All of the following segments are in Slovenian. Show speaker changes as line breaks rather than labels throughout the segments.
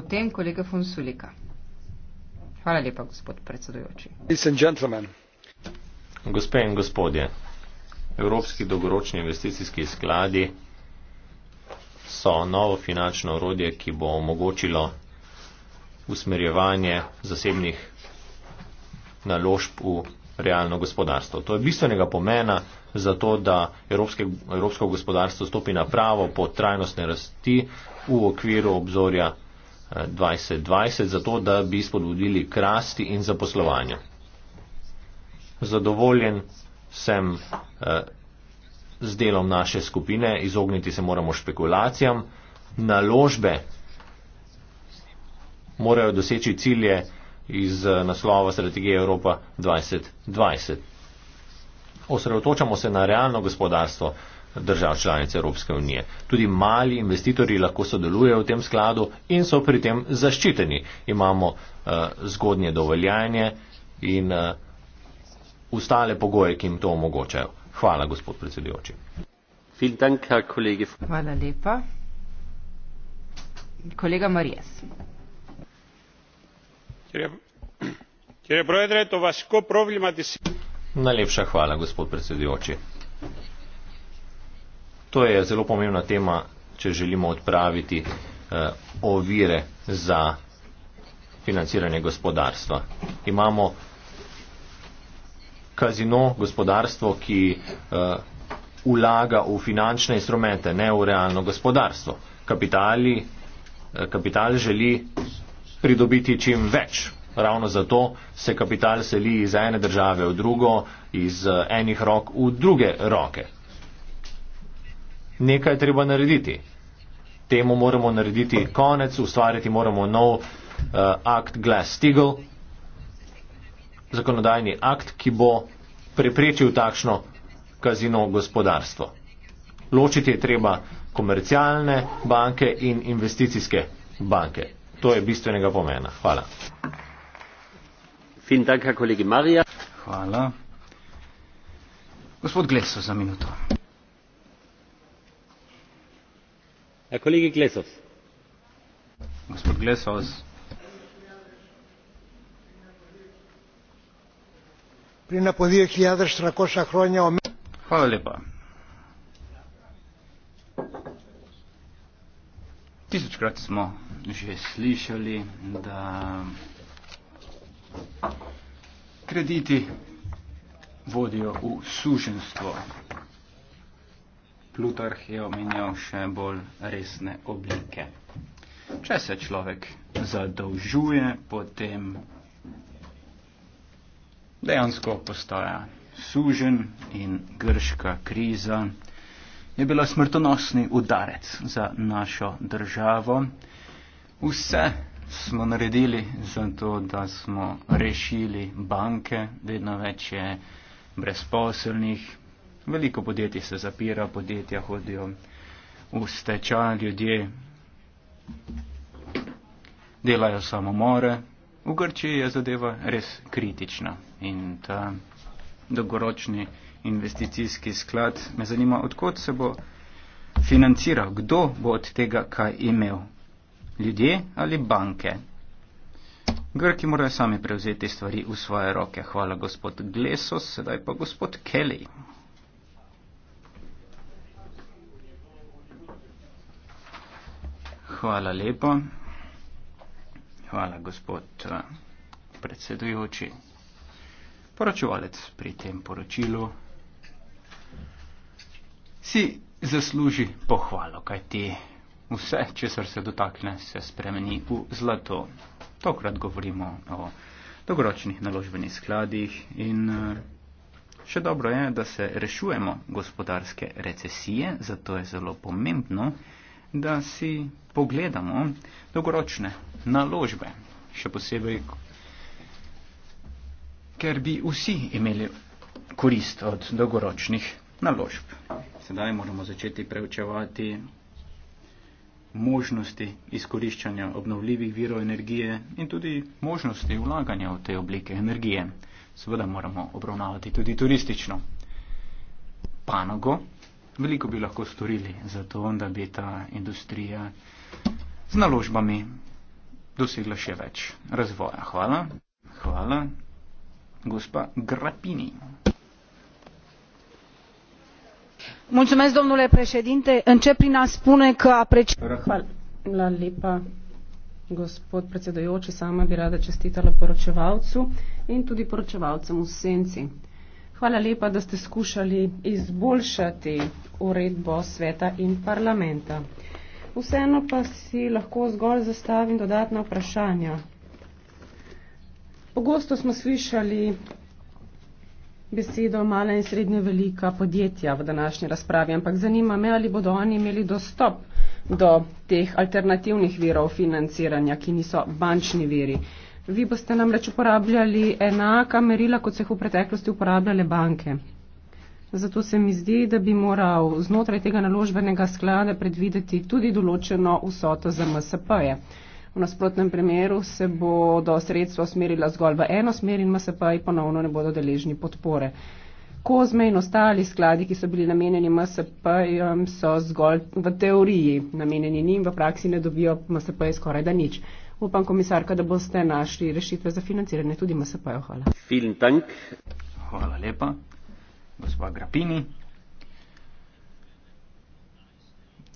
Potem kolega Fonsulika. Hvala lepa, gospod predsedujoči.
Gospe in gospodje, Evropski dolgoročni investicijski skladi so novo finančno urodje, ki bo omogočilo usmerjevanje zasebnih naložb v realno gospodarstvo. To je bistvenega pomena za to, da evropske, evropsko gospodarstvo stopi na pravo po trajnostne rasti v okviru obzorja 2020, zato da bi spodbudili k rasti in zaposlovanju. Zadovoljen sem eh, z delom naše skupine, izogniti se moramo špekulacijam. Naložbe morajo doseči cilje iz eh, naslova strategije Evropa 2020. Osredotočamo se na realno gospodarstvo držav članic Evropske unije. Tudi mali investitorji lahko sodelujejo v tem skladu in so pri tem zaščiteni. Imamo uh, zgodnje dovoljanje in uh, ustale pogoje, ki jim to omogočajo. Hvala, gospod predsedujoči.
Hvala lepa. Kolega Marijas.
Najlepša hvala, gospod predsedujoči. To je zelo pomembna tema, če želimo odpraviti eh, ovire za financiranje gospodarstva. Imamo kazino, gospodarstvo, ki eh, ulaga v finančne instrumente, ne v realno gospodarstvo. Kapitali, eh, kapital želi pridobiti čim več. Ravno zato se kapital seli iz ene države v drugo, iz eh, enih rok v druge roke nekaj treba narediti. Temu moramo narediti konec, ustvariti moramo nov uh, akt Glass-Steagall, zakonodajni akt, ki bo preprečil takšno kazino gospodarstvo. Ločiti je treba komercialne banke in investicijske banke. To je bistvenega pomena. Hvala.
Hvala. Gospod Gleso za minuto. Eh, gospod glezos tisočkrat smo že slišali da krediti vodijo v suženjstvo Plutarh je omenjal še bolj resne oblike. Če se človek zadolžuje, potem dejansko postaja sužen in grška kriza je bila smrtonosni udarec za našo državo. Vse smo naredili zato, da smo rešili banke, vedno več je brezposelnih, Veliko podjetij se zapira, podjetja hodijo v stečaj, ljudje delajo samomore. V Grčiji je zadeva res kritična in ta dolgoročni investicijski sklad me zanima, odkot se bo financiral, kdo bo od tega kaj imel, ljudje ali banke. Grki morajo sami prevzeti stvari v svoje roke. Hvala gospod Glesos, sedaj pa gospod Kelly. hvala lepo. Hvala, gospod predsedujoči. Poročevalec pri tem poročilu si zasluži pohvalo, kaj ti vse, če se dotakne, se spremeni v zlato. Tokrat govorimo o dolgoročnih naložbenih skladih in še dobro je, da se rešujemo gospodarske recesije, zato je zelo pomembno, da si pogledamo dolgoročne naložbe, še posebej, ker bi vsi imeli korist od dolgoročnih naložb. Sedaj moramo začeti preučevati možnosti izkoriščanja obnovljivih virov energije in tudi možnosti vlaganja v te oblike energije. Seveda moramo obravnavati tudi turistično panogo, Veliko bi lahko storili za to, da bi ta industrija z naložbami dosegla še več razvoja. Hvala. Hvala. Gospa Grapini. Mulțumesc, domnule
președinte. Încep prin a spune că apreci... La lipa, gospod predsedajoči, sama bi rada čestitala poročevalcu in tudi poročevalcem v senci. Hvala lepa, da ste skušali izboljšati uredbo sveta in parlamenta. Vseeno pa si lahko zgolj zastavim dodatna vprašanja. Pogosto smo slišali besedo mala in srednje velika podjetja v današnji razpravi, ampak zanima me, ali bodo oni imeli dostop do teh alternativnih virov financiranja, ki niso bančni viri. Vi boste namreč uporabljali enaka merila, kot se jih v preteklosti uporabljale banke. Zato se mi zdi, da bi moral znotraj tega naložbenega sklada predvideti tudi določeno vsoto za MSP-je. V nasprotnem primeru se bodo sredstva usmerila zgolj v eno smer in MSP-ji ponovno ne bodo deležni podpore. Uh, Kozme in ostali skladi, ki so bili namenjeni MSP-jem, so zgolj v teoriji namenjeni njim, v praksi ne dobijo MSP-je skoraj da nič. Upam, komisarka, da boste našli rešitve za financiranje tudi MSP-jev.
Hvala. Hvala lepa. Gospa Grapini.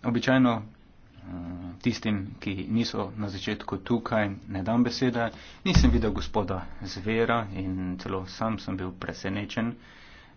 Običajno eh, tistim, ki niso na začetku tukaj, ne dam besede. Nisem videl gospoda Zvera in celo sam sem bil presenečen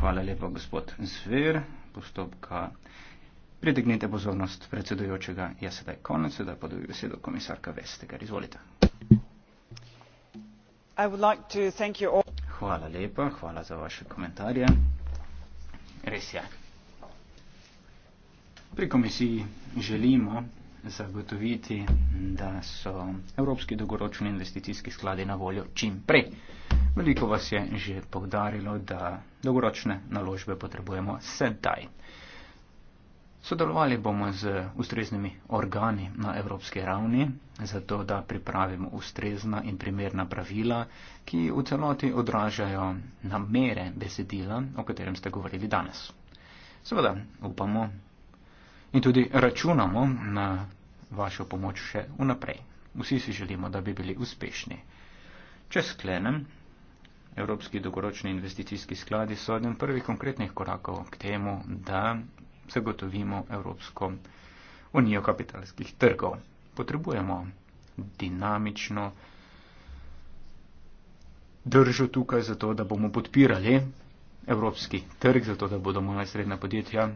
Hvala lepa, gospod Zver. Postopka. Pritegnite pozornost predsedujočega. Jaz sedaj konec, sedaj pa dobi besedo komisarka Vestegar. Izvolite. Like hvala lepa, hvala za vaše komentarje. Res je. Pri komisiji želimo zagotoviti, da so evropski dolgoročni investicijski skladi na voljo čim prej. Veliko vas je že povdarilo, da dolgoročne naložbe potrebujemo sedaj. Sodelovali bomo z ustreznimi organi na evropski ravni, zato da pripravimo ustrezna in primerna pravila, ki v celoti odražajo namere besedila, o katerem ste govorili danes. Seveda upamo in tudi računamo na vašo pomoč še vnaprej. Vsi si želimo, da bi bili uspešni. Če sklenem, Evropski dogoročni investicijski skladi so eden prvih konkretnih korakov k temu, da zagotovimo Evropsko unijo kapitalskih trgov. Potrebujemo dinamično držo tukaj, zato da bomo podpirali Evropski trg, zato da bodo mala in srednja podjetja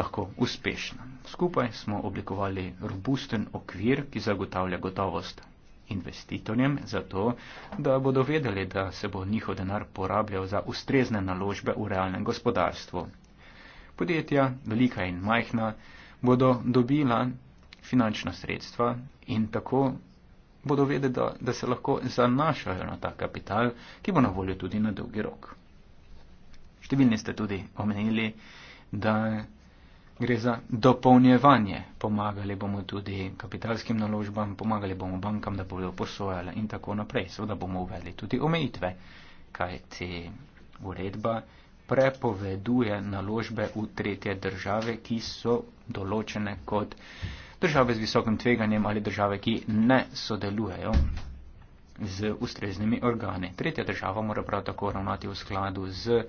lahko uspešna. Skupaj smo oblikovali robusten okvir, ki zagotavlja gotovost investitorjem, zato da bodo vedeli, da se bo njihov denar porabljal za ustrezne naložbe v realnem gospodarstvu. Podjetja, velika in majhna, bodo dobila finančna sredstva in tako bodo vedeli, da, da se lahko zanašajo na ta kapital, ki bo na voljo tudi na dolgi rok. Številni ste tudi omenili, da gre za dopolnjevanje. Pomagali bomo tudi kapitalskim naložbam, pomagali bomo bankam, da bodo posojale in tako naprej. Seveda bomo uvedli tudi omejitve, kaj ti uredba prepoveduje naložbe v tretje države, ki so določene kot države z visokim tveganjem ali države, ki ne sodelujejo z ustreznimi organi. Tretja država mora prav tako ravnati v skladu z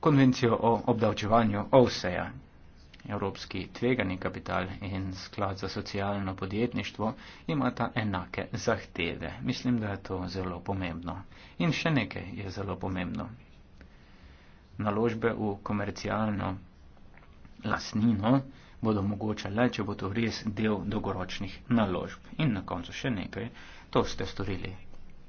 konvencijo o obdavčevanju OSEA, Evropski tvegani kapital in sklad za socialno podjetništvo imata enake zahteve. Mislim, da je to zelo pomembno. In še nekaj je zelo pomembno. Naložbe v komercialno lasnino bodo mogoče le, če bo to res del dogoročnih naložb. In na koncu še nekaj, to ste storili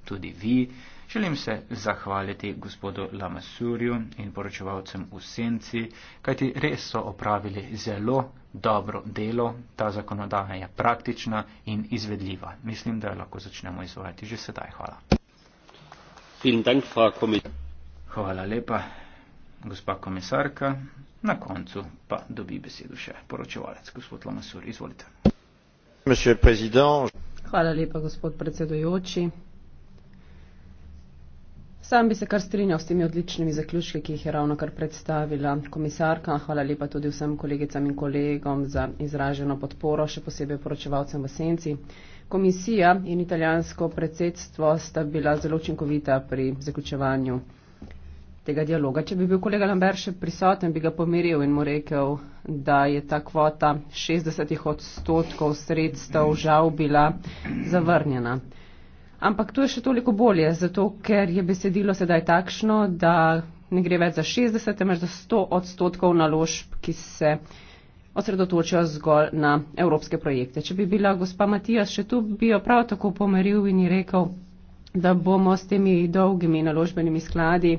tudi vi. Želim se zahvaliti gospodu Lamasurju in poročevalcem v Senci, kajti res so opravili zelo dobro delo, ta zakonodaja je praktična in izvedljiva. Mislim, da jo lahko začnemo izvajati že sedaj. Hvala. Hvala lepa, gospa komisarka. Na koncu pa dobi besedo še poročevalec, gospod Lamasur. Izvolite.
Hvala lepa, gospod predsedujoči. Sam bi se kar strinjal s temi odličnimi zaključki, ki jih je ravno kar predstavila komisarka. Hvala lepa tudi vsem kolegicam in kolegom za izraženo podporo, še posebej poročevalcem v senci. Komisija in italijansko predsedstvo sta bila zelo učinkovita pri zaključevanju tega dialoga. Če bi bil kolega Lambert še prisoten, bi ga pomiril in mu rekel, da je ta kvota 60 odstotkov sredstev žal bila zavrnjena. Ampak to je še toliko bolje, zato ker je besedilo sedaj takšno, da ne gre več za 60, temveč za 100 odstotkov naložb, ki se osredotočajo zgolj na evropske projekte. Če bi bila gospa Matijas še tu, bi jo prav tako pomeril in ji rekel, da bomo s temi dolgimi naložbenimi skladi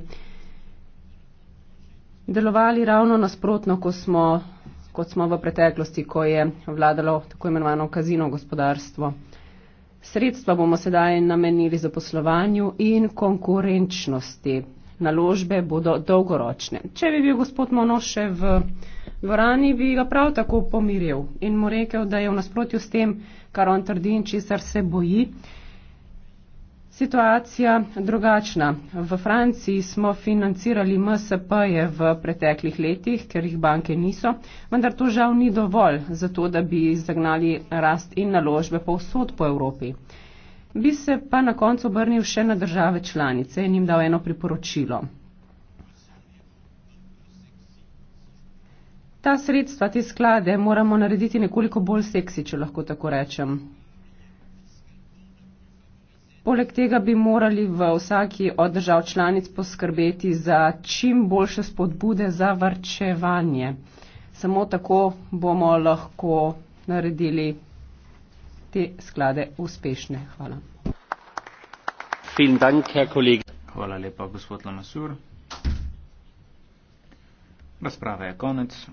delovali ravno nasprotno, ko smo, kot smo v preteklosti, ko je vladalo tako imenovano kazino gospodarstvo. Sredstva bomo sedaj namenili za poslovanju in konkurenčnosti. Naložbe bodo dolgoročne. Če bi bil gospod Mono še v dvorani, bi ga prav tako pomiril in mu rekel, da je v nasprotju s tem, kar on trdi in česar se boji, situacija drugačna. V Franciji smo financirali MSP-je v preteklih letih, ker jih banke niso, vendar to žal ni dovolj za to, da bi zagnali rast in naložbe povsod po Evropi. Bi se pa na koncu obrnil še na države članice in jim dal eno priporočilo. Ta sredstva, te sklade moramo narediti nekoliko bolj seksi, če lahko tako rečem. Poleg tega bi morali v vsaki od držav članic poskrbeti za čim boljše spodbude za varčevanje. Samo tako bomo lahko naredili te sklade uspešne. Hvala.
Hvala lepa, gospod Lanasur. Razprava je konec.